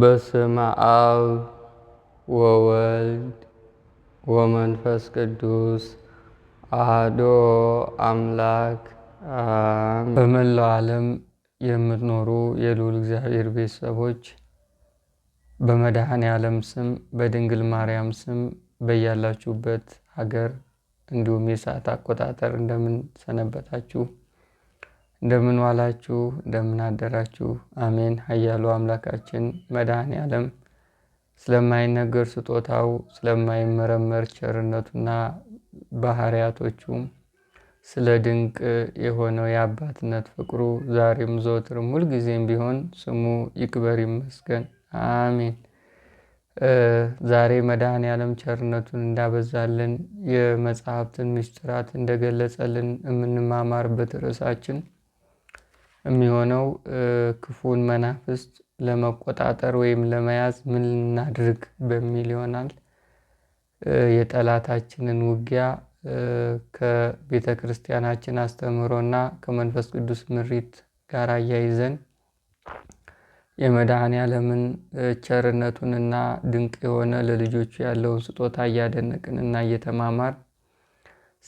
በስመ አብ ወወልድ ወመንፈስ ቅዱስ አሐዱ አምላክ በመላው ዓለም የምትኖሩ የልዑል እግዚአብሔር ቤተሰቦች በመድኃኔ ዓለም ስም በድንግል ማርያም ስም በያላችሁበት ሀገር እንዲሁም የሰዓት አቆጣጠር እንደምን ሰነበታችሁ? እንደምን ዋላችሁ፣ እንደምን አደራችሁ። አሜን። ኃያሉ አምላካችን መድኃኔ ዓለም ስለማይነገር ስጦታው ስለማይመረመር ቸርነቱና ባህሪያቶቹም ስለ ድንቅ የሆነው የአባትነት ፍቅሩ ዛሬም ዘወትርም ሁልጊዜም ቢሆን ስሙ ይክበር ይመስገን። አሜን። ዛሬ መድኃኔ ዓለም ቸርነቱን እንዳበዛልን የመጽሐፍትን ምስጢራት እንደገለጸልን የምንማማርበት ርዕሳችን የሚሆነው ክፉን መናፍስት ለመቆጣጠር ወይም ለመያዝ ምን ልናድርግ በሚል ይሆናል። የጠላታችንን ውጊያ ከቤተ ክርስቲያናችን አስተምህሮና ከመንፈስ ቅዱስ ምሪት ጋር አያይዘን የመድኃኔ ዓለምን ቸርነቱንና ድንቅ የሆነ ለልጆቹ ያለውን ስጦታ እያደነቅንና እየተማማር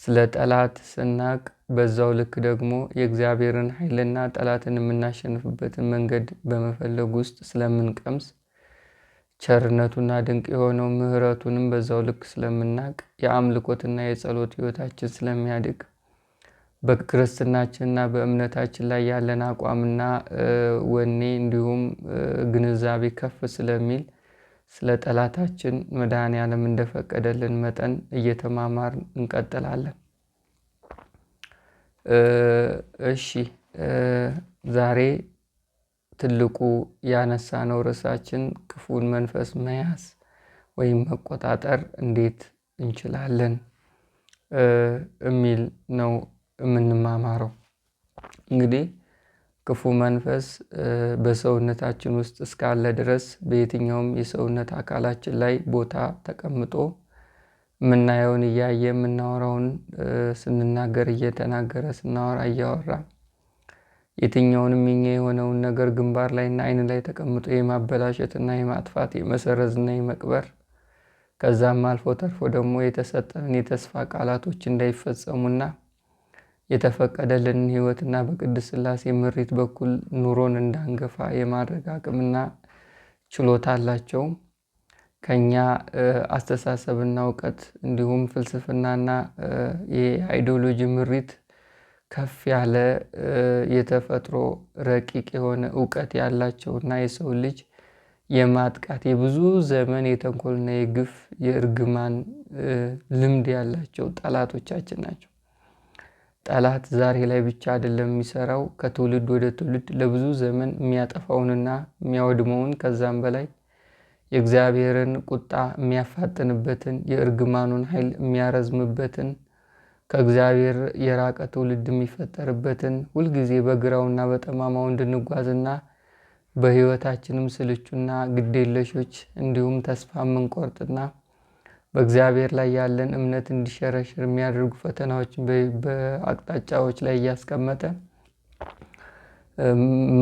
ስለ ጠላት ስናቅ በዛው ልክ ደግሞ የእግዚአብሔርን ኃይልና ጠላትን የምናሸንፍበትን መንገድ በመፈለግ ውስጥ ስለምንቀምስ ቸርነቱና ድንቅ የሆነው ምሕረቱንም በዛው ልክ ስለምናቅ የአምልኮትና የጸሎት ሕይወታችን ስለሚያድግ በክርስትናችንና በእምነታችን ላይ ያለን አቋምና ወኔ እንዲሁም ግንዛቤ ከፍ ስለሚል ስለ ጠላታችን መድኃኔ እንደፈቀደልን መጠን እየተማማር እንቀጥላለን። እሺ ዛሬ ትልቁ ያነሳ ነው ርዕሳችን ክፉን መንፈስ መያዝ ወይም መቆጣጠር እንዴት እንችላለን የሚል ነው የምንማማረው። እንግዲህ ክፉ መንፈስ በሰውነታችን ውስጥ እስካለ ድረስ በየትኛውም የሰውነት አካላችን ላይ ቦታ ተቀምጦ የምናየውን እያየ የምናወራውን ስንናገር እየተናገረ ስናወራ እያወራ የትኛውንም የኛ የሆነውን ነገር ግንባር ላይና አይን ላይ ተቀምጦ የማበላሸትና የማጥፋት የመሰረዝና የመቅበር ከዛም አልፎ ተርፎ ደግሞ የተሰጠንን የተስፋ ቃላቶች እንዳይፈጸሙና የተፈቀደልንን ህይወትና በቅድስት ስላሴ ምሪት በኩል ኑሮን እንዳንገፋ የማድረግ አቅምና ችሎታ አላቸውም። ከኛ አስተሳሰብና እውቀት እንዲሁም ፍልስፍናና የአይዲዮሎጂ ምሪት ከፍ ያለ የተፈጥሮ ረቂቅ የሆነ እውቀት ያላቸውና የሰው ልጅ የማጥቃት የብዙ ዘመን የተንኮልና የግፍ የእርግማን ልምድ ያላቸው ጠላቶቻችን ናቸው። ጠላት ዛሬ ላይ ብቻ አይደለም የሚሰራው፣ ከትውልድ ወደ ትውልድ ለብዙ ዘመን የሚያጠፋውንና የሚያወድመውን ከዛም በላይ የእግዚአብሔርን ቁጣ የሚያፋጥንበትን የእርግማኑን ኃይል የሚያረዝምበትን ከእግዚአብሔር የራቀ ትውልድ የሚፈጠርበትን ሁልጊዜ በግራውና በጠማማው እንድንጓዝና በሕይወታችንም ስልቹና ግዴለሾች እንዲሁም ተስፋ የምንቆርጥና በእግዚአብሔር ላይ ያለን እምነት እንዲሸረሽር የሚያደርጉ ፈተናዎችን በአቅጣጫዎች ላይ እያስቀመጠ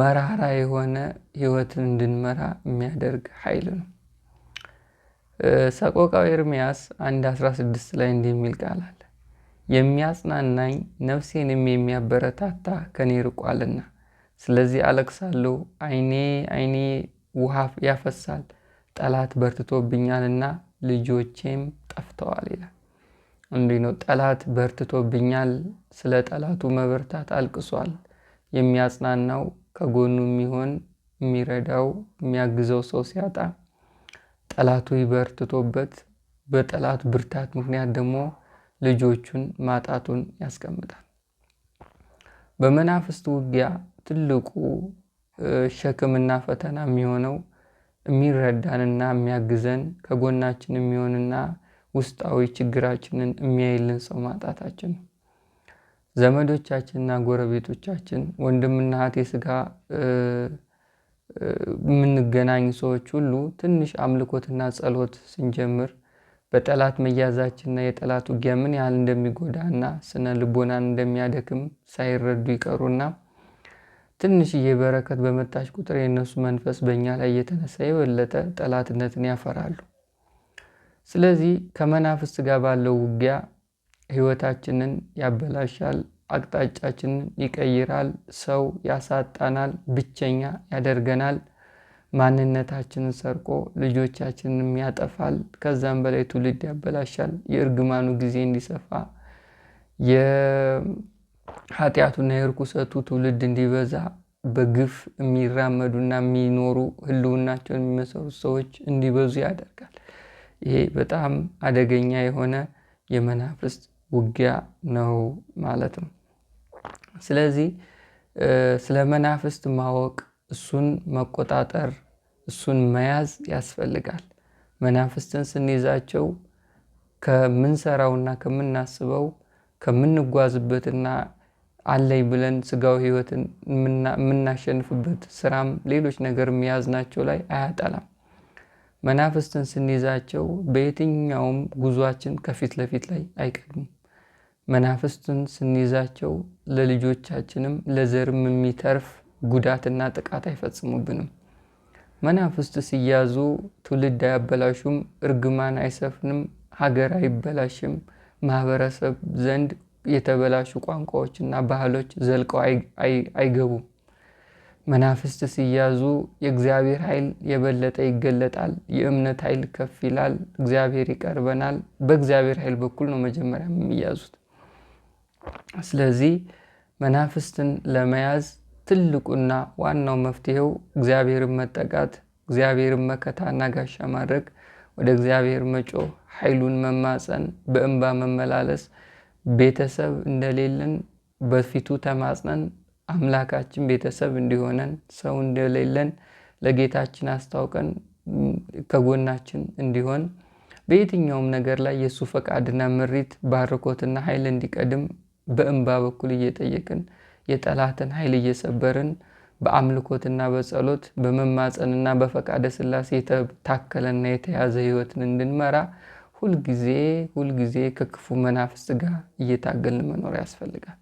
መራራ የሆነ ሕይወትን እንድንመራ የሚያደርግ ኃይል ነው። ሰቆቃው ኤርምያስ 1:16 ላይ እንደሚል ቃል አለ። የሚያጽናናኝ ነፍሴንም የሚያበረታታ ከኔ ርቋልና፣ ስለዚህ አለቅሳለሁ፣ አይኔ አይኔ ውሃ ያፈሳል፣ ጠላት በርትቶብኛልና ልጆቼም ጠፍተዋል ይላል። እንዲህ ነው ጠላት በርትቶብኛል። ስለ ጠላቱ መበርታት አልቅሷል። የሚያጽናናው ከጎኑ የሚሆን የሚረዳው የሚያግዘው ሰው ሲያጣ ጠላቱ ይበርትቶበት በጠላት ብርታት ምክንያት ደግሞ ልጆቹን ማጣቱን ያስቀምጣል። በመናፍስት ውጊያ ትልቁ ሸክምና ፈተና የሚሆነው የሚረዳንና የሚያግዘን ከጎናችን የሚሆንና ውስጣዊ ችግራችንን የሚያይልን ሰው ማጣታችን ነው። ዘመዶቻችንና ጎረቤቶቻችን፣ ወንድምና እህት የስጋ የምንገናኝ ሰዎች ሁሉ ትንሽ አምልኮትና ጸሎት ስንጀምር በጠላት መያዛችንና የጠላት ውጊያ ምን ያህል እንደሚጎዳና ስነ ልቦናን እንደሚያደክም ሳይረዱ ይቀሩና ትንሽዬ በረከት በመጣች ቁጥር የእነሱ መንፈስ በእኛ ላይ እየተነሳ የበለጠ ጠላትነትን ያፈራሉ። ስለዚህ ከመናፍስት ጋር ባለው ውጊያ ሕይወታችንን ያበላሻል። አቅጣጫችንን ይቀይራል፣ ሰው ያሳጣናል፣ ብቸኛ ያደርገናል፣ ማንነታችንን ሰርቆ ልጆቻችንንም ያጠፋል። ከዛም በላይ ትውልድ ያበላሻል። የእርግማኑ ጊዜ እንዲሰፋ የኃጢአቱና የርኩሰቱ ትውልድ እንዲበዛ በግፍ የሚራመዱና የሚኖሩ ህልውናቸውን የሚመሰሩ ሰዎች እንዲበዙ ያደርጋል። ይሄ በጣም አደገኛ የሆነ የመናፍስት ውጊያ ነው ማለት ነው። ስለዚህ ስለ መናፍስት ማወቅ፣ እሱን መቆጣጠር፣ እሱን መያዝ ያስፈልጋል። መናፍስትን ስንይዛቸው ከምንሰራውና ከምናስበው ከምንጓዝበትና አለይ ብለን ስጋው ህይወትን የምናሸንፍበት ስራም ሌሎች ነገር የያዝናቸው ላይ አያጠላም። መናፍስትን ስንይዛቸው በየትኛውም ጉዟችን ከፊት ለፊት ላይ አይቀድሙም። መናፍስትን ስንይዛቸው ለልጆቻችንም ለዘርም የሚተርፍ ጉዳትና ጥቃት አይፈጽሙብንም። መናፍስት ሲያዙ ትውልድ አያበላሹም፣ እርግማን አይሰፍንም፣ ሀገር አይበላሽም፣ ማህበረሰብ ዘንድ የተበላሹ ቋንቋዎችና ባህሎች ዘልቀው አይገቡም። መናፍስት ሲያዙ የእግዚአብሔር ኃይል የበለጠ ይገለጣል። የእምነት ኃይል ከፍ ይላል። እግዚአብሔር ይቀርበናል። በእግዚአብሔር ኃይል በኩል ነው መጀመሪያ የሚያዙት። ስለዚህ መናፍስትን ለመያዝ ትልቁና ዋናው መፍትሄው እግዚአብሔርን መጠቃት እግዚአብሔርን መከታና ጋሻ ማድረግ፣ ወደ እግዚአብሔር መጮ ኃይሉን መማፀን፣ በእንባ መመላለስ፣ ቤተሰብ እንደሌለን በፊቱ ተማጽነን አምላካችን ቤተሰብ እንዲሆነን፣ ሰው እንደሌለን ለጌታችን አስታውቀን ከጎናችን እንዲሆን፣ በየትኛውም ነገር ላይ የእሱ ፈቃድና ምሪት ባርኮትና ኃይል እንዲቀድም በእንባ በኩል እየጠየቅን የጠላትን ኃይል እየሰበርን በአምልኮትና በጸሎት በመማፀንና በፈቃደ ስላሴ የተታከለና የተያዘ ህይወትን እንድንመራ ሁልጊዜ ሁልጊዜ ከክፉ መናፍስ ጋር እየታገልን መኖር ያስፈልጋል።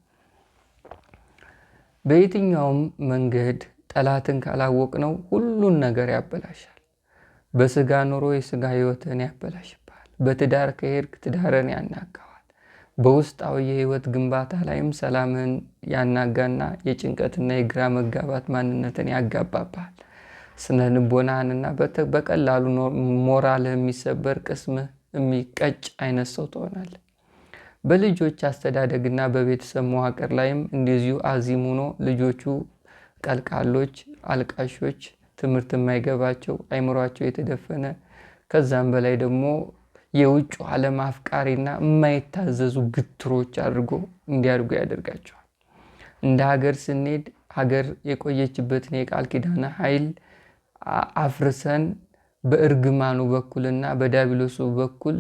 በየትኛውም መንገድ ጠላትን ካላወቅ ነው ሁሉን ነገር ያበላሻል። በስጋ ኑሮ የስጋ ህይወትን ያበላሽብሃል። በትዳር ከሄድክ ትዳርን ያናጋዋል። በውስጣዊ የህይወት ግንባታ ላይም ሰላምን ያናጋና የጭንቀትና የግራ መጋባት ማንነትን ያጋባባል። ስነ ልቦናህንና በቀላሉ ሞራልህ የሚሰበር ቅስምህ የሚቀጭ አይነት ሰው ትሆናል። በልጆች አስተዳደግና በቤተሰብ መዋቅር ላይም እንደዚሁ አዚም ሆኖ ልጆቹ ቀልቃሎች፣ አልቃሾች፣ ትምህርት የማይገባቸው አይምሯቸው የተደፈነ ከዛም በላይ ደግሞ የውጭ ዓለም አፍቃሪና የማይታዘዙ ግትሮች አድርጎ እንዲያድጉ ያደርጋቸዋል። እንደ ሀገር ስንሄድ ሀገር የቆየችበትን የቃል ኪዳን ኃይል አፍርሰን በእርግማኑ በኩልና በዳቢሎሱ በኩል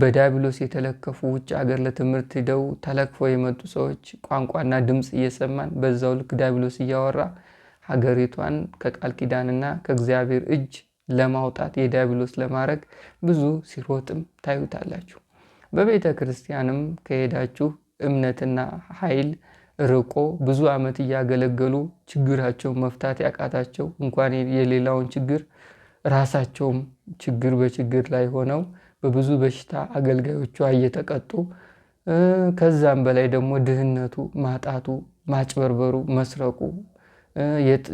በዳቢሎስ የተለከፉ ውጭ ሀገር ለትምህርት ሂደው ተለክፈው የመጡ ሰዎች ቋንቋና ድምፅ እየሰማን በዛው ልክ ዳቢሎስ እያወራ ሀገሪቷን ከቃል ኪዳንና ከእግዚአብሔር እጅ ለማውጣት የዲያብሎስ ለማድረግ ብዙ ሲሮጥም ታዩታላችሁ። በቤተ ክርስቲያንም ከሄዳችሁ እምነትና ኃይል ርቆ ብዙ ዓመት እያገለገሉ ችግራቸውን መፍታት ያቃታቸው እንኳን የሌላውን ችግር ራሳቸውም ችግር በችግር ላይ ሆነው በብዙ በሽታ አገልጋዮቿ እየተቀጡ ከዛም በላይ ደግሞ ድህነቱ፣ ማጣቱ፣ ማጭበርበሩ፣ መስረቁ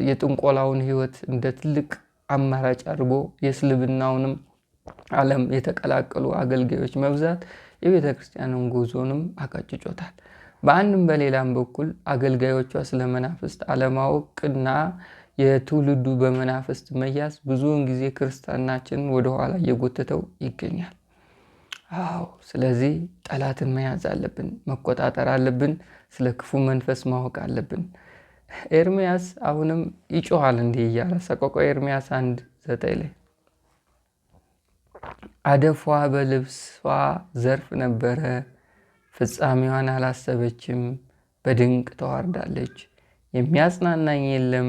የጥንቆላውን ህይወት እንደ ትልቅ አማራጭ አድርጎ የእስልምናውንም ዓለም የተቀላቀሉ አገልጋዮች መብዛት የቤተ ክርስቲያንን ጉዞንም አቀጭጮታል። በአንድም በሌላም በኩል አገልጋዮቿ ስለ መናፍስት አለማወቅና የትውልዱ በመናፍስት መያዝ ብዙውን ጊዜ ክርስትናችንን ወደኋላ እየጎተተው ይገኛል። አዎ፣ ስለዚህ ጠላትን መያዝ አለብን፣ መቆጣጠር አለብን። ስለ ክፉ መንፈስ ማወቅ አለብን። ኤርሚያስ አሁንም ይጮኋል እንዲህ እያለ ሰቆቃ ኤርሚያስ አንድ ዘጠኝ ላይ አደፏ በልብሷ ዘርፍ ነበረ፣ ፍጻሜዋን አላሰበችም፣ በድንቅ ተዋርዳለች። የሚያጽናናኝ የለም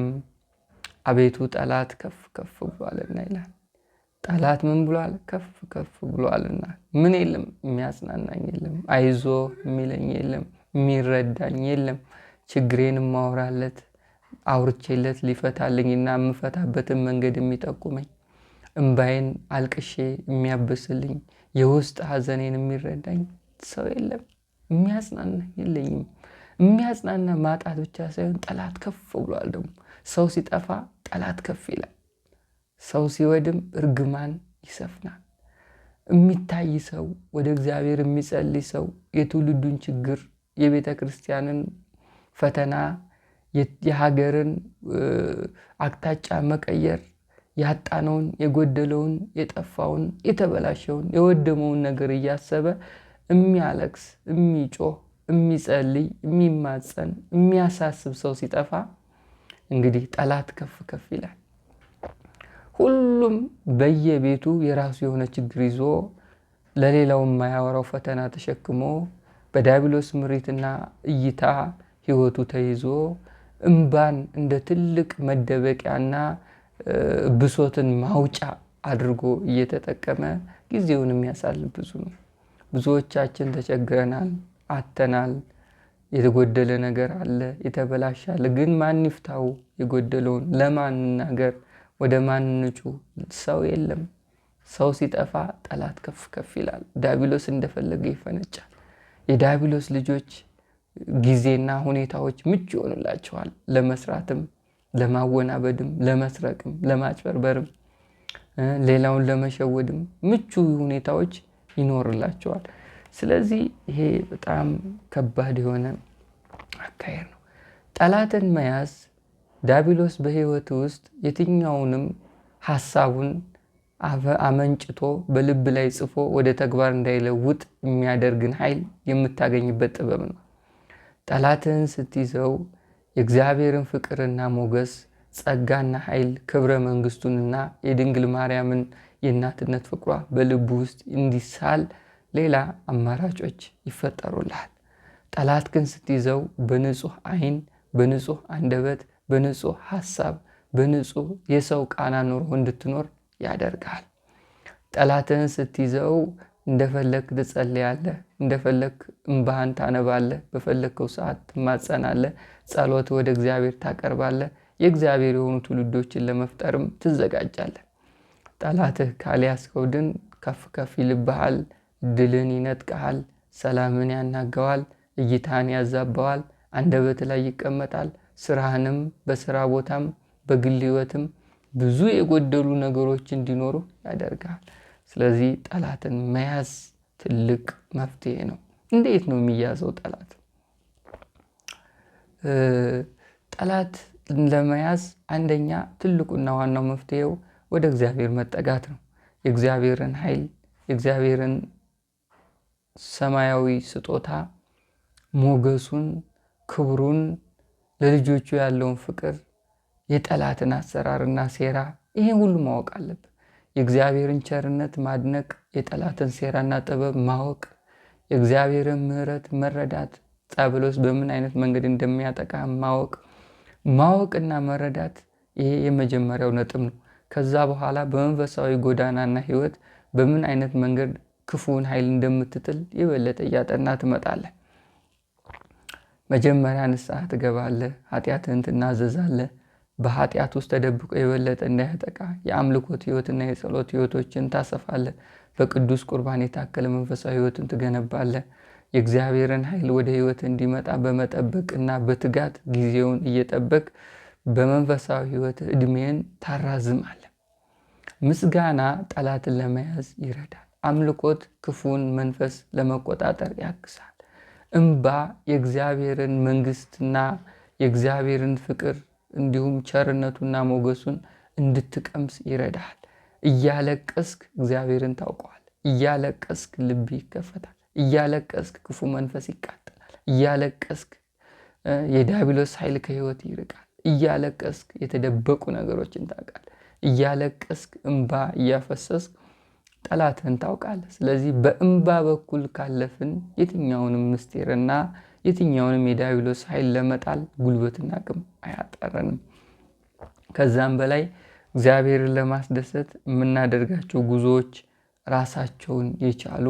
አቤቱ ጠላት ከፍ ከፍ ብሏልና ይላል። ጠላት ምን ብሏል? ከፍ ከፍ ብሏልና ምን የለም፣ የሚያጽናናኝ የለም፣ አይዞ የሚለኝ የለም፣ የሚረዳኝ የለም ችግሬን ማወራለት አውርቼለት ሊፈታልኝና የምፈታበትን መንገድ የሚጠቁመኝ እምባዬን አልቅሼ የሚያብስልኝ የውስጥ ሐዘኔን የሚረዳኝ ሰው የለም። የሚያጽናና የለኝም። የሚያጽናና ማጣት ብቻ ሳይሆን ጠላት ከፍ ብሏል። ደግሞ ሰው ሲጠፋ ጠላት ከፍ ይላል። ሰው ሲወድም እርግማን ይሰፍናል። የሚታይ ሰው፣ ወደ እግዚአብሔር የሚጸልይ ሰው የትውልዱን ችግር የቤተ ክርስቲያንን ፈተና የሀገርን አቅጣጫ መቀየር ያጣነውን፣ የጎደለውን፣ የጠፋውን፣ የተበላሸውን፣ የወደመውን ነገር እያሰበ የሚያለቅስ፣ የሚጮህ፣ የሚጸልይ፣ የሚማጸን፣ የሚያሳስብ ሰው ሲጠፋ እንግዲህ ጠላት ከፍ ከፍ ይላል። ሁሉም በየቤቱ የራሱ የሆነ ችግር ይዞ ለሌላው የማያወራው ፈተና ተሸክሞ በዲያብሎስ ምሪትና እይታ ህይወቱ ተይዞ እምባን እንደ ትልቅ መደበቂያና ብሶትን ማውጫ አድርጎ እየተጠቀመ ጊዜውን የሚያሳልፍ ብዙ ነው። ብዙዎቻችን ተቸግረናል፣ አተናል፣ የተጎደለ ነገር አለ፣ የተበላሸ ግን ማን ይፍታው የጎደለውን? ለማን ነገር ወደ ማን ንጩ? ሰው የለም። ሰው ሲጠፋ ጠላት ከፍ ከፍ ይላል። ዳቢሎስ እንደፈለገ ይፈነጫል። የዳቢሎስ ልጆች ጊዜና ሁኔታዎች ምቹ ይሆንላቸዋል ለመስራትም፣ ለማወናበድም፣ ለመስረቅም፣ ለማጭበርበርም፣ ሌላውን ለመሸወድም ምቹ ሁኔታዎች ይኖርላቸዋል። ስለዚህ ይሄ በጣም ከባድ የሆነ አካሄድ ነው። ጠላትን መያዝ ዳቢሎስ በሕይወት ውስጥ የትኛውንም ሀሳቡን አመንጭቶ በልብ ላይ ጽፎ ወደ ተግባር እንዳይለውጥ የሚያደርግን ኃይል የምታገኝበት ጥበብ ነው። ጠላትህን ስትይዘው የእግዚአብሔርን ፍቅርና ሞገስ ጸጋና ኃይል ክብረ መንግስቱንና የድንግል ማርያምን የእናትነት ፍቅሯ በልቡ ውስጥ እንዲሳል ሌላ አማራጮች ይፈጠሩልሃል። ጠላት ግን ስትይዘው በንጹህ አይን በንጹህ አንደበት፣ በንጹህ ሐሳብ፣ በንጹህ የሰው ቃና ኑሮ እንድትኖር ያደርጋል። ጠላትህን ስትይዘው እንደፈለክ ትጸልያለህ፣ እንደፈለክ እምባህን ታነባለህ፣ በፈለግከው ሰዓት ትማጸናለህ፣ ጸሎት ወደ እግዚአብሔር ታቀርባለህ፣ የእግዚአብሔር የሆኑ ትውልዶችን ለመፍጠርም ትዘጋጃለህ። ጠላትህ ካልያዝከው ድን ከፍ ከፍ ይልብሃል፣ ድልን ይነጥቀሃል፣ ሰላምን ያናገዋል፣ እይታን ያዛባዋል፣ አንደበት ላይ ይቀመጣል። ስራህንም በስራ ቦታም በግል ህይወትም ብዙ የጎደሉ ነገሮች እንዲኖሩ ያደርጋል። ስለዚህ ጠላትን መያዝ ትልቅ መፍትሄ ነው። እንዴት ነው የሚያዘው ጠላት? ጠላት ለመያዝ አንደኛ ትልቁና ዋናው መፍትሄው ወደ እግዚአብሔር መጠጋት ነው። የእግዚአብሔርን ኃይል የእግዚአብሔርን ሰማያዊ ስጦታ ሞገሱን፣ ክብሩን፣ ለልጆቹ ያለውን ፍቅር፣ የጠላትን አሰራርና ሴራ ይህን ሁሉ ማወቅ አለብን። የእግዚአብሔርን ቸርነት ማድነቅ፣ የጠላትን ሴራና ጥበብ ማወቅ፣ የእግዚአብሔርን ምሕረት መረዳት፣ ጻብሎስ በምን አይነት መንገድ እንደሚያጠቃ ማወቅ ማወቅና መረዳት ይሄ የመጀመሪያው ነጥብ ነው። ከዛ በኋላ በመንፈሳዊ ጎዳናና ህይወት በምን አይነት መንገድ ክፉውን ኃይል እንደምትጥል የበለጠ እያጠና ትመጣለህ። መጀመሪያ ንስሐ ትገባለህ፣ ኃጢአትህን ትናዘዛለህ። በኃጢአት ውስጥ ተደብቆ የበለጠ እንዳያጠቃ የአምልኮት ህይወትና የጸሎት ህይወቶችን ታሰፋለህ። በቅዱስ ቁርባን የታከለ መንፈሳዊ ህይወትን ትገነባለህ። የእግዚአብሔርን ኃይል ወደ ህይወት እንዲመጣ በመጠበቅ እና በትጋት ጊዜውን እየጠበቅ በመንፈሳዊ ህይወት እድሜን ታራዝማለህ። ምስጋና ጠላትን ለመያዝ ይረዳል። አምልኮት ክፉን መንፈስ ለመቆጣጠር ያግዛል። እምባ የእግዚአብሔርን መንግስትና የእግዚአብሔርን ፍቅር እንዲሁም ቸርነቱና ሞገሱን እንድትቀምስ ይረዳሃል። እያለቀስክ እግዚአብሔርን ታውቀዋል። እያለቀስክ ልብ ይከፈታል። እያለቀስክ ክፉ መንፈስ ይቃጠላል። እያለቀስክ የዲያብሎስ ኃይል ከህይወት ይርቃል። እያለቀስክ የተደበቁ ነገሮችን ታውቃል። እያለቀስክ እምባ እያፈሰስክ ጠላትህን ታውቃለህ። ስለዚህ በእምባ በኩል ካለፍን የትኛውንም ምስጢርና የትኛውንም የዲያብሎስ ኃይል ለመጣል ጉልበትና አቅም አያጠረንም። ከዛም በላይ እግዚአብሔርን ለማስደሰት የምናደርጋቸው ጉዞዎች ራሳቸውን የቻሉ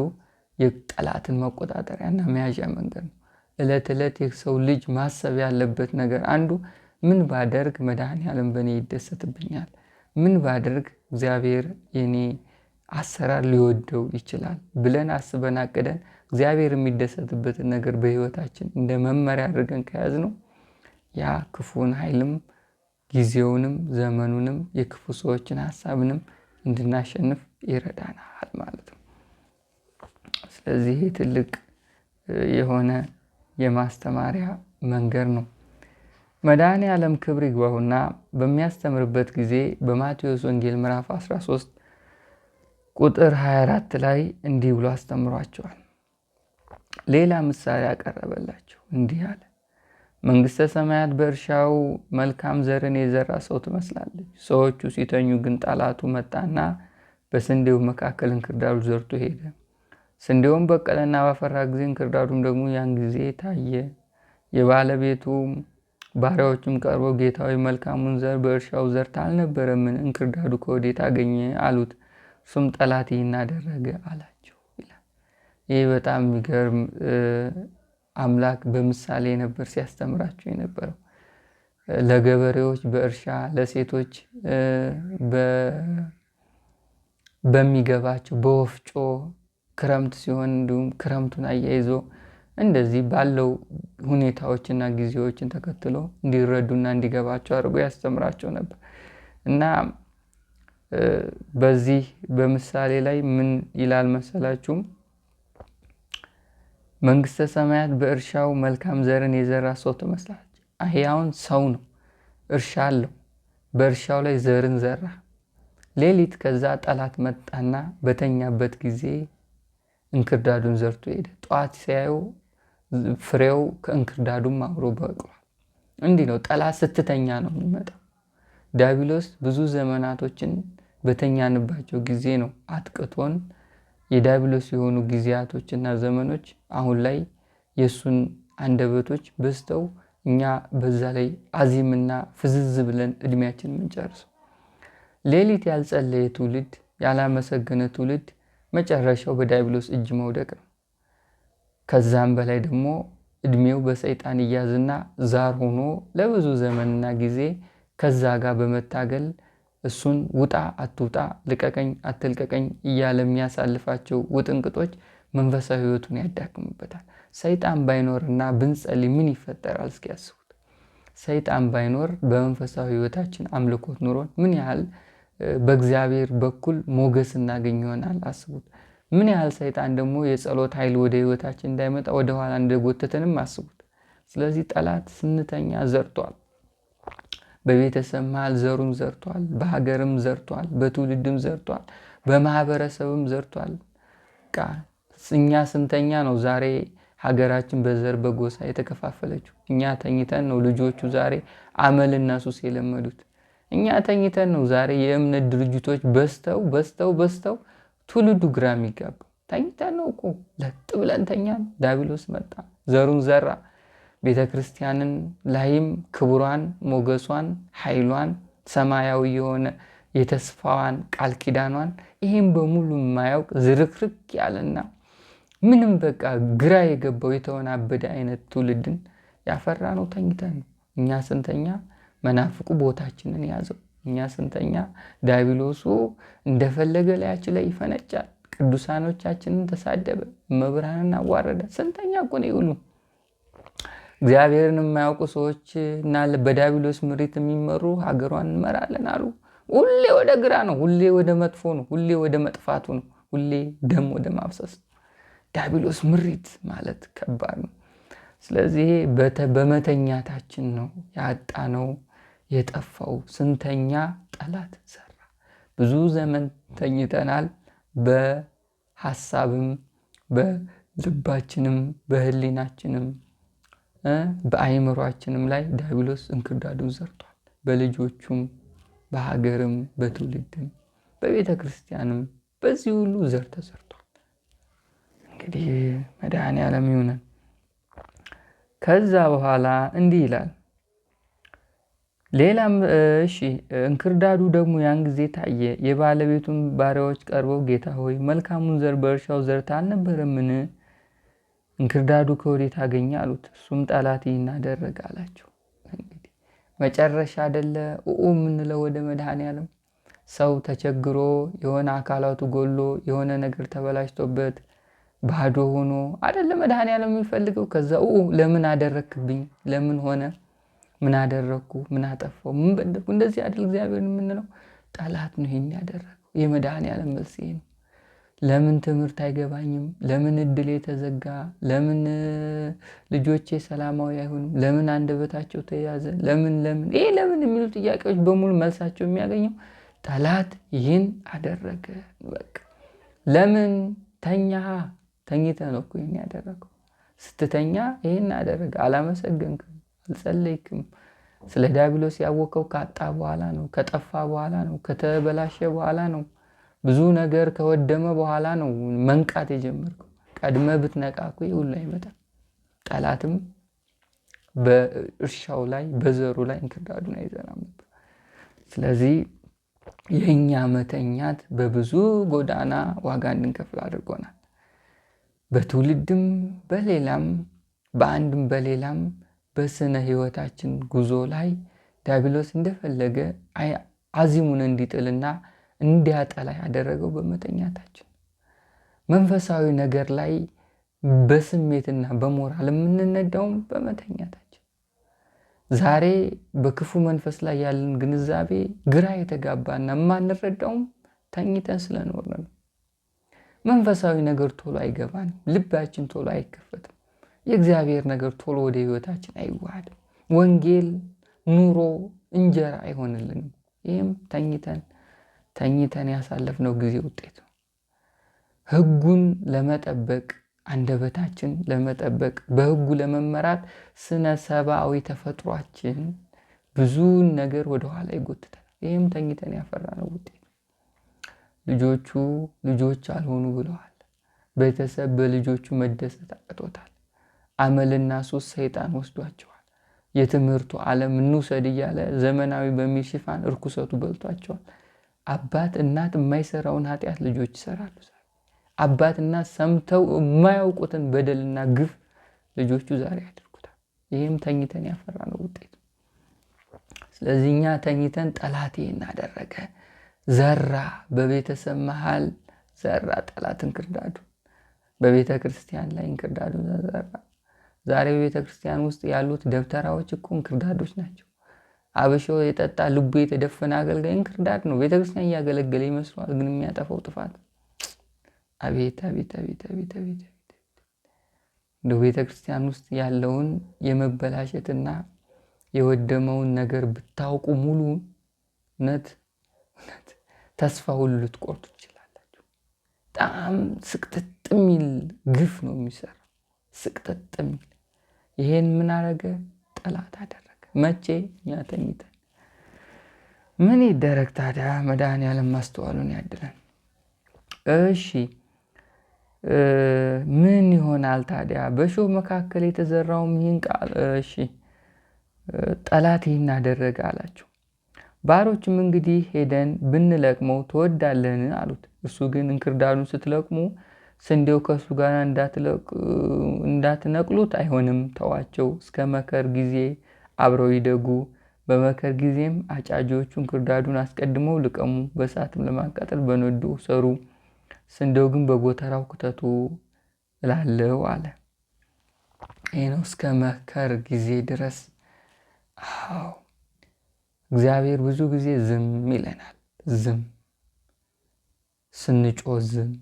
የጠላትን መቆጣጠሪያና መያዣ መንገድ ነው። እለት ዕለት የሰው ልጅ ማሰብ ያለበት ነገር አንዱ ምን ባደርግ መድኃኔዓለም በእኔ ይደሰትብኛል? ምን ባደርግ እግዚአብሔር የኔ አሰራር ሊወደው ይችላል ብለን አስበን አቅደን እግዚአብሔር የሚደሰትበትን ነገር በህይወታችን እንደ መመሪያ አድርገን ከያዝ ነው ያ ክፉን ኃይልም ጊዜውንም ዘመኑንም የክፉ ሰዎችን ሀሳብንም እንድናሸንፍ ይረዳናል ማለት ነው። ስለዚህ ትልቅ የሆነ የማስተማሪያ መንገድ ነው። መድኃኔ ዓለም ክብር ይግባውና በሚያስተምርበት ጊዜ በማቴዎስ ወንጌል ምዕራፍ 13 ቁጥር 24 ላይ እንዲህ ብሎ አስተምሯቸዋል። ሌላ ምሳሌ ያቀረበላቸው እንዲህ አለ። መንግሥተ ሰማያት በእርሻው መልካም ዘርን የዘራ ሰው ትመስላለች። ሰዎቹ ሲተኙ ግን ጠላቱ መጣና በስንዴው መካከል እንክርዳዱ ዘርቶ ሄደ። ስንዴውም በቀለና ባፈራ ጊዜ እንክርዳዱም ደግሞ ያን ጊዜ ታየ። የባለቤቱ ባሪያዎችም ቀርበው ጌታዊ መልካሙን ዘር በእርሻው ዘርታ አልነበረምን? እንክርዳዱ ከወዴት አገኘ? አሉት። እሱም ጠላት ይህን አደረገ አላቸው። ይህ በጣም የሚገርም አምላክ በምሳሌ ነበር ሲያስተምራቸው የነበረው። ለገበሬዎች በእርሻ ለሴቶች በሚገባቸው በወፍጮ ክረምት ሲሆን እንዲሁም ክረምቱን አያይዞ እንደዚህ ባለው ሁኔታዎችና ጊዜዎችን ተከትሎ እንዲረዱና እንዲገባቸው አድርጎ ያስተምራቸው ነበር እና በዚህ በምሳሌ ላይ ምን ይላል መሰላችሁም? መንግስተ ሰማያት በእርሻው መልካም ዘርን የዘራ ሰው ትመስላለች። አህያውን ሰው ነው፣ እርሻ አለው። በእርሻው ላይ ዘርን ዘራ። ሌሊት ከዛ ጠላት መጣና በተኛበት ጊዜ እንክርዳዱን ዘርቶ ሄደ። ጠዋት ሲያዩ ፍሬው ከእንክርዳዱም አብሮ በቅሏል። እንዲህ ነው ጠላት ስትተኛ ነው የሚመጣው። ዲያብሎስ ብዙ ዘመናቶችን በተኛንባቸው ጊዜ ነው አጥቅቶን የዲያብሎስ የሆኑ ጊዜያቶችና ዘመኖች አሁን ላይ የእሱን አንደበቶች በዝተው እኛ በዛ ላይ አዚምና ፍዝዝ ብለን እድሜያችን የምንጨርሰው። ሌሊት ያልጸለየ ትውልድ፣ ያላመሰገነ ትውልድ መጨረሻው በዳይብሎስ እጅ መውደቅ ነው። ከዛም በላይ ደግሞ እድሜው በሰይጣን እያዝና ዛር ሆኖ ለብዙ ዘመንና ጊዜ ከዛ ጋር በመታገል እሱን ውጣ አትውጣ፣ ልቀቀኝ አትልቀቀኝ እያለ የሚያሳልፋቸው ውጥንቅጦች መንፈሳዊ ህይወቱን ያዳክምበታል። ሰይጣን ባይኖርና ብንጸልይ ምን ይፈጠራል? እስኪ ያስቡት። ሰይጣን ባይኖር በመንፈሳዊ ህይወታችን አምልኮት ኑሮን ምን ያህል በእግዚአብሔር በኩል ሞገስ እናገኝ ይሆናል? አስቡት። ምን ያህል ሰይጣን ደግሞ የጸሎት ኃይል ወደ ህይወታችን እንዳይመጣ ወደኋላ እንደጎተተንም አስቡት። ስለዚህ ጠላት ስንተኛ ዘርቷል። በቤተሰብ መሃል ዘሩን ዘርቷል። በሀገርም ዘርቷል። በትውልድም ዘርቷል። በማህበረሰብም ዘርቷል። እኛ ስንተኛ ነው ዛሬ ሀገራችን በዘር በጎሳ የተከፋፈለችው? እኛ ተኝተን ነው ልጆቹ ዛሬ አመልና ሱስ የለመዱት። እኛ ተኝተን ነው ዛሬ የእምነት ድርጅቶች በስተው በስተው በስተው ትውልዱ ግራ የሚጋባው። ተኝተን ነው እኮ ለጥ ብለን ተኛን። ዳቢሎስ መጣ፣ ዘሩን ዘራ። ቤተ ክርስቲያንን ላይም ክቡሯን ሞገሷን፣ ኃይሏን፣ ሰማያዊ የሆነ የተስፋዋን ቃል ኪዳኗን ይህም በሙሉ የማያውቅ ዝርክርክ ያለና ምንም በቃ ግራ የገባው የተወናበደ አይነት ትውልድን ያፈራ ነው። ተኝተን ነው እኛ ስንተኛ መናፍቁ ቦታችንን ያዘው። እኛ ስንተኛ ዳቢሎሱ እንደፈለገ ላያችን ላይ ይፈነጫል። ቅዱሳኖቻችንን ተሳደበ፣ መብርሃንን አዋረደ። ስንተኛ እኮ ነው እግዚአብሔርን የማያውቁ ሰዎች እና በዳቢሎስ ምሪት የሚመሩ ሀገሯን እንመራለን አሉ። ሁሌ ወደ ግራ ነው፣ ሁሌ ወደ መጥፎ ነው፣ ሁሌ ወደ መጥፋቱ ነው፣ ሁሌ ደም ወደ ማፍሰስ ዲያብሎስ ምሪት ማለት ከባድ ነው። ስለዚህ በመተኛታችን ነው ያጣነው የጠፋው። ስንተኛ ጠላት ሰራ። ብዙ ዘመን ተኝተናል። በሀሳብም በልባችንም በህሊናችንም በአይምሯችንም ላይ ዳቢሎስ እንክርዳዱን ዘርቷል። በልጆቹም በሀገርም በትውልድም በቤተ ክርስቲያንም በዚህ ሁሉ ዘር ተዘርቷል። እንግዲህ መድኃኔ ዓለም ይሁነን። ከዛ በኋላ እንዲህ ይላል። ሌላም እሺ፣ እንክርዳዱ ደግሞ ያን ጊዜ ታየ። የባለቤቱን ባሪያዎች ቀርበው ጌታ ሆይ መልካሙን ዘር በእርሻው ዘርተህ አልነበረምን? እንክርዳዱ ከወዴት አገኘ አሉት። እሱም ጠላት ይህን አደረገ አላቸው። እንግዲህ መጨረሻ አደለ ኡ የምንለው ወደ መድኃኔዓለም ሰው ተቸግሮ የሆነ አካላቱ ጎሎ የሆነ ነገር ተበላሽቶበት ባዶ ሆኖ አይደለም ያለ የሚፈልገው። ከዛ ለምን አደረክብኝ? ለምን ሆነ? ምን አደረግኩ? ምን አጠፋው? ምን በደልኩ? እንደዚህ አይደል እግዚአብሔር የምንለው። ጠላት ነው ይሄን ያደረገው። ያለ መልስ ይሄ ነው። ለምን ትምህርት አይገባኝም? ለምን እድል የተዘጋ? ለምን ልጆቼ ሰላማዊ አይሆንም? ለምን አንደበታቸው ተያዘ? ለምን ለምን ይሄ ለምን የሚሉ ጥያቄዎች በሙሉ መልሳቸው የሚያገኘው ጠላት ይህን አደረገ። በቃ ለምን ተኛ ተኝተ ነው እኮ ይህን ያደረገው። ስትተኛ ይህን አደረገ። አላመሰገንክም፣ አልጸለይክም። ስለ ዲያብሎስ ያወቀው ካጣ በኋላ ነው፣ ከጠፋ በኋላ ነው፣ ከተበላሸ በኋላ ነው፣ ብዙ ነገር ከወደመ በኋላ ነው መንቃት የጀመርከው። ቀድመ ብትነቃ እኮ ሁሉ አይመጣም። ጠላትም በእርሻው ላይ በዘሩ ላይ እንክርዳዱን አይዘራም ነበር። ስለዚህ የእኛ መተኛት በብዙ ጎዳና ዋጋ እንድንከፍል አድርጎናል። በትውልድም በሌላም በአንድም በሌላም በስነ ህይወታችን ጉዞ ላይ ዲያብሎስ እንደፈለገ አዚሙን እንዲጥልና እንዲያጠላ ያደረገው በመተኛታችን መንፈሳዊ ነገር ላይ በስሜትና በሞራል የምንነዳውም በመተኛታችን። ዛሬ በክፉ መንፈስ ላይ ያለን ግንዛቤ ግራ የተጋባና የማንረዳውም ተኝተን ስለኖርን ነው። መንፈሳዊ ነገር ቶሎ አይገባንም። ልባችን ቶሎ አይከፈትም። የእግዚአብሔር ነገር ቶሎ ወደ ህይወታችን አይዋሃድም። ወንጌል፣ ኑሮ፣ እንጀራ አይሆንልንም። ይህም ተኝተን ተኝተን ያሳለፍነው ጊዜ ውጤት ነው። ህጉን ለመጠበቅ አንደበታችን ለመጠበቅ በህጉ ለመመራት ስነ ሰብአዊ ተፈጥሯችን ብዙን ነገር ወደኋላ ይጎትታል። ይህም ተኝተን ያፈራነው ውጤት ልጆቹ ልጆች አልሆኑ ብለዋል። ቤተሰብ በልጆቹ መደሰት አቅቶታል። አመልና ሱስ ሰይጣን ወስዷቸዋል። የትምህርቱ ዓለም እንውሰድ እያለ ዘመናዊ በሚል ሽፋን እርኩሰቱ በልቷቸዋል። አባት እናት የማይሰራውን ኃጢአት ልጆች ይሰራሉ። አባት እናት ሰምተው የማያውቁትን በደልና ግፍ ልጆቹ ዛሬ ያደርጉታል። ይህም ተኝተን ያፈራ ነው ውጤት። ስለዚህ እኛ ተኝተን ጠላት ይህን አደረገ ዘራ በቤተሰብ መሃል ዘራ ጠላት እንክርዳዱ በቤተ ክርስቲያን ላይ እንክርዳዱ ዘራ። ዛሬ በቤተ ክርስቲያን ውስጥ ያሉት ደብተራዎች እኮ እንክርዳዶች ናቸው። አብሾ የጠጣ ልቡ የተደፈነ አገልጋይ እንክርዳድ ነው። ቤተ ክርስቲያን እያገለገለ ይመስለዋል፣ ግን የሚያጠፋው ጥፋት አቤት አቤት አቤት አቤት አቤት እንደ ቤተ ክርስቲያን ውስጥ ያለውን የመበላሸትና የወደመውን ነገር ብታውቁ ነት ተስፋ ሁሉ ልትቆርጡ ትችላላችሁ። በጣም ስቅጥጥ የሚል ግፍ ነው የሚሰራ ስቅጥጥ የሚል ይሄን ምን አረገ? ጠላት አደረገ። መቼ እኛ ተኝተን ምን ይደረግ ታዲያ? መድኃኒዓለም ማስተዋሉን ያድለን። እሺ ምን ይሆናል ታዲያ? በእሾህ መካከል የተዘራውም ይህን ቃል እሺ ጠላት ይህን አደረገ አላቸው። ባሮችም እንግዲህ ሄደን ብንለቅመው ትወዳለን አሉት። እሱ ግን እንክርዳዱን ስትለቅሙ ስንዴው ከእሱ ጋር እንዳትነቅሉት አይሆንም፣ ተዋቸው፣ እስከ መከር ጊዜ አብረው ይደጉ። በመከር ጊዜም አጫጆቹ እንክርዳዱን አስቀድመው ልቀሙ፣ በእሳትም ለማቃጠል በነዶ ሰሩ፣ ስንዴው ግን በጎተራው ክተቱ እላለው አለ። ይህ ነው እስከ መከር ጊዜ ድረስ። አዎ እግዚአብሔር ብዙ ጊዜ ዝም ይለናል። ዝም ስንጮ ዝም፣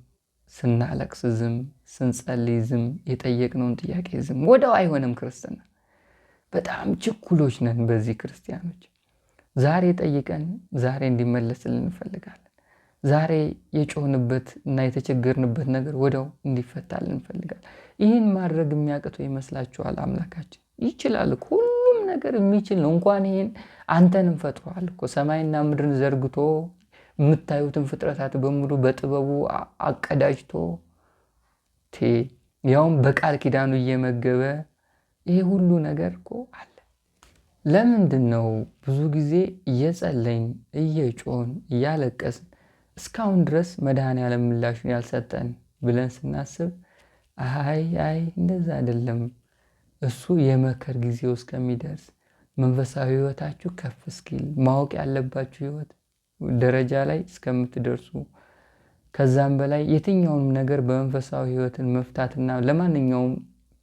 ስናለቅስ ዝም፣ ስንጸልይ ዝም፣ የጠየቅነውን ጥያቄ ዝም። ወደው አይሆንም ክርስትና። በጣም ችኩሎች ነን በዚህ ክርስቲያኖች። ዛሬ ጠይቀን ዛሬ እንዲመለስልን እንፈልጋለን። ዛሬ የጮህንበት እና የተቸገርንበት ነገር ወደው እንዲፈታልን እንፈልጋለን። ይህን ማድረግ የሚያቅተው ይመስላችኋል? አምላካችን ይችላል። ሁሉም ነገር የሚችል ነው። እንኳን ይህን አንተንም ፈጥሯል እኮ ሰማይና ምድርን ዘርግቶ የምታዩትን ፍጥረታት በሙሉ በጥበቡ አቀዳጅቶ ያውም በቃል ኪዳኑ እየመገበ ይሄ ሁሉ ነገር እኮ አለ። ለምንድን ነው ብዙ ጊዜ እየጸለይን እየጮን እያለቀስን እስካሁን ድረስ መድኃኔዓለም ምላሹን ያልሰጠን ብለን ስናስብ፣ አይ አይ እንደዛ አይደለም እሱ የመከር ጊዜው እስከሚደርስ መንፈሳዊ ህይወታችሁ ከፍ እስኪል ማወቅ ያለባችሁ ህይወት ደረጃ ላይ እስከምትደርሱ ከዛም በላይ የትኛውንም ነገር በመንፈሳዊ ህይወትን መፍታትና ለማንኛውም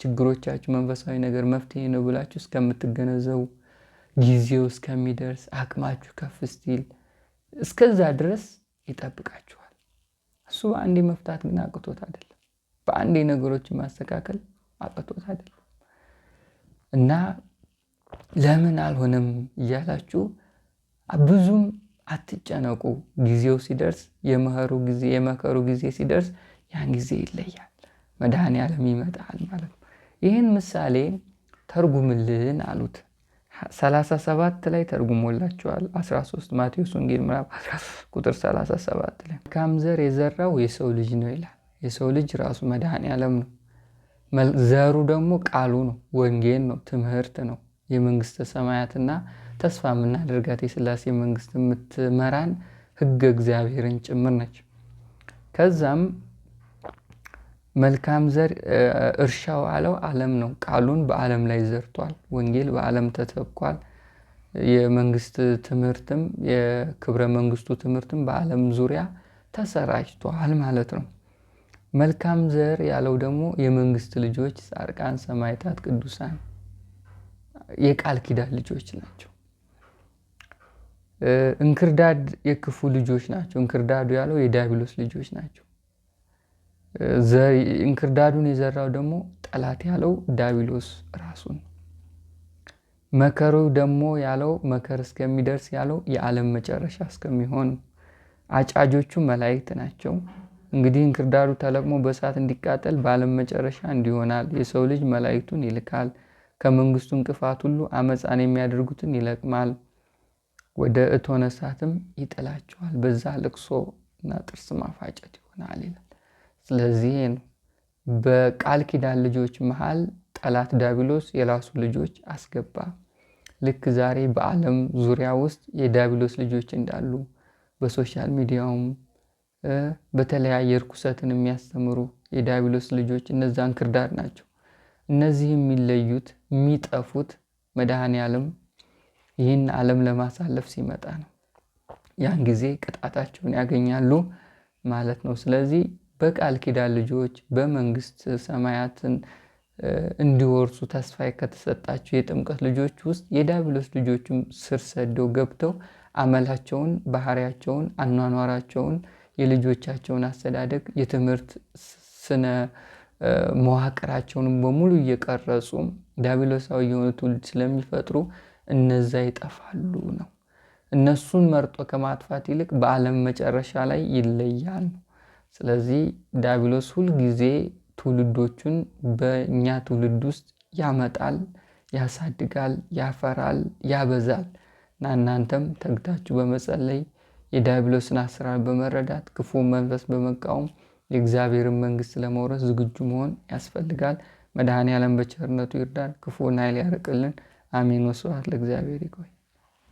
ችግሮቻችሁ መንፈሳዊ ነገር መፍትሄ ነው ብላችሁ እስከምትገነዘቡ ጊዜው እስከሚደርስ አቅማችሁ ከፍ ስቲል እስከዛ ድረስ ይጠብቃችኋል። እሱ በአንዴ መፍታት ግን አቅቶት አይደለም። በአንዴ ነገሮችን ማስተካከል አቅቶት አይደለም እና ለምን አልሆነም እያላችሁ ብዙም አትጨነቁ። ጊዜው ሲደርስ የመኸሩ ጊዜ የመከሩ ጊዜ ሲደርስ ያን ጊዜ ይለያል፣ መድኃኔ ዓለም ይመጣል ማለት ነው። ይህን ምሳሌ ተርጉምልን አሉት። 37 ላይ ተርጉሞላቸዋል። 13 ማቴዎስ ወንጌል ምዕራፍ 13 ቁጥር 37 ላይ መልካም ዘር የዘራው የሰው ልጅ ነው ይላል። የሰው ልጅ ራሱ መድኃኔ ዓለም ነው። ዘሩ ደግሞ ቃሉ ነው፣ ወንጌል ነው፣ ትምህርት ነው። የመንግስተ ሰማያትና ተስፋ የምናደርጋት የስላሴ መንግስት የምትመራን ህገ እግዚአብሔርን ጭምር ነች። ከዛም መልካም ዘር እርሻው አለው ዓለም ነው። ቃሉን በዓለም ላይ ዘርቷል። ወንጌል በዓለም ተተኳል። የመንግስት ትምህርትም የክብረ መንግስቱ ትምህርትም በዓለም ዙሪያ ተሰራጭቷል ማለት ነው። መልካም ዘር ያለው ደግሞ የመንግስት ልጆች፣ ጻድቃን፣ ሰማዕታት፣ ቅዱሳን የቃል ኪዳን ልጆች ናቸው። እንክርዳድ የክፉ ልጆች ናቸው። እንክርዳዱ ያለው የዲያብሎስ ልጆች ናቸው። እንክርዳዱን የዘራው ደግሞ ጠላት ያለው ዲያብሎስ ራሱን ነው። መከሩ ደግሞ ያለው መከር እስከሚደርስ ያለው የዓለም መጨረሻ እስከሚሆን አጫጆቹ መላእክት ናቸው። እንግዲህ እንክርዳዱ ተለቅሞ በእሳት እንዲቃጠል በዓለም መጨረሻ እንዲሆናል የሰው ልጅ መላእክቱን ይልካል። ከመንግስቱ እንቅፋት ሁሉ አመፃን የሚያደርጉትን ይለቅማል፣ ወደ እቶነ እሳትም ይጥላቸዋል። በዛ ልቅሶ እና ጥርስ ማፋጨት ይሆናል ይላል። ስለዚህ ነው በቃል ኪዳን ልጆች መሃል ጠላት ዳቢሎስ የራሱ ልጆች አስገባ። ልክ ዛሬ በዓለም ዙሪያ ውስጥ የዳቢሎስ ልጆች እንዳሉ በሶሻል ሚዲያውም በተለያየ እርኩሰትን የሚያስተምሩ የዳቢሎስ ልጆች እነዛን ክርዳድ ናቸው። እነዚህ የሚለዩት የሚጠፉት መድኃኔ ዓለም ይህን ዓለም ለማሳለፍ ሲመጣ ነው። ያን ጊዜ ቅጣታቸውን ያገኛሉ ማለት ነው። ስለዚህ በቃል ኪዳን ልጆች በመንግስት ሰማያትን እንዲወርሱ ተስፋ ከተሰጣቸው የጥምቀት ልጆች ውስጥ የዲያብሎስ ልጆችም ስር ሰደው ገብተው አመላቸውን፣ ባህሪያቸውን፣ አኗኗራቸውን፣ የልጆቻቸውን አስተዳደግ፣ የትምህርት ስነ መዋቅራቸውንም በሙሉ እየቀረጹ ዲያብሎሳዊ የሆነ ትውልድ ስለሚፈጥሩ እነዛ ይጠፋሉ ነው። እነሱን መርጦ ከማጥፋት ይልቅ በዓለም መጨረሻ ላይ ይለያል ነው። ስለዚህ ዲያብሎስ ሁልጊዜ ትውልዶቹን በእኛ ትውልድ ውስጥ ያመጣል፣ ያሳድጋል፣ ያፈራል፣ ያበዛል እና እናንተም ተግታችሁ በመጸለይ የዳቢሎስን አሰራር በመረዳት ክፉ መንፈስ በመቃወም የእግዚአብሔርን መንግስት ለመውረስ ዝግጁ መሆን ያስፈልጋል። መድኃኔ ዓለም በቸርነቱ ይርዳን፣ ክፉን ኃይል ያርቅልን። አሜን። ወስብሐት ለእግዚአብሔር። ይቆይ።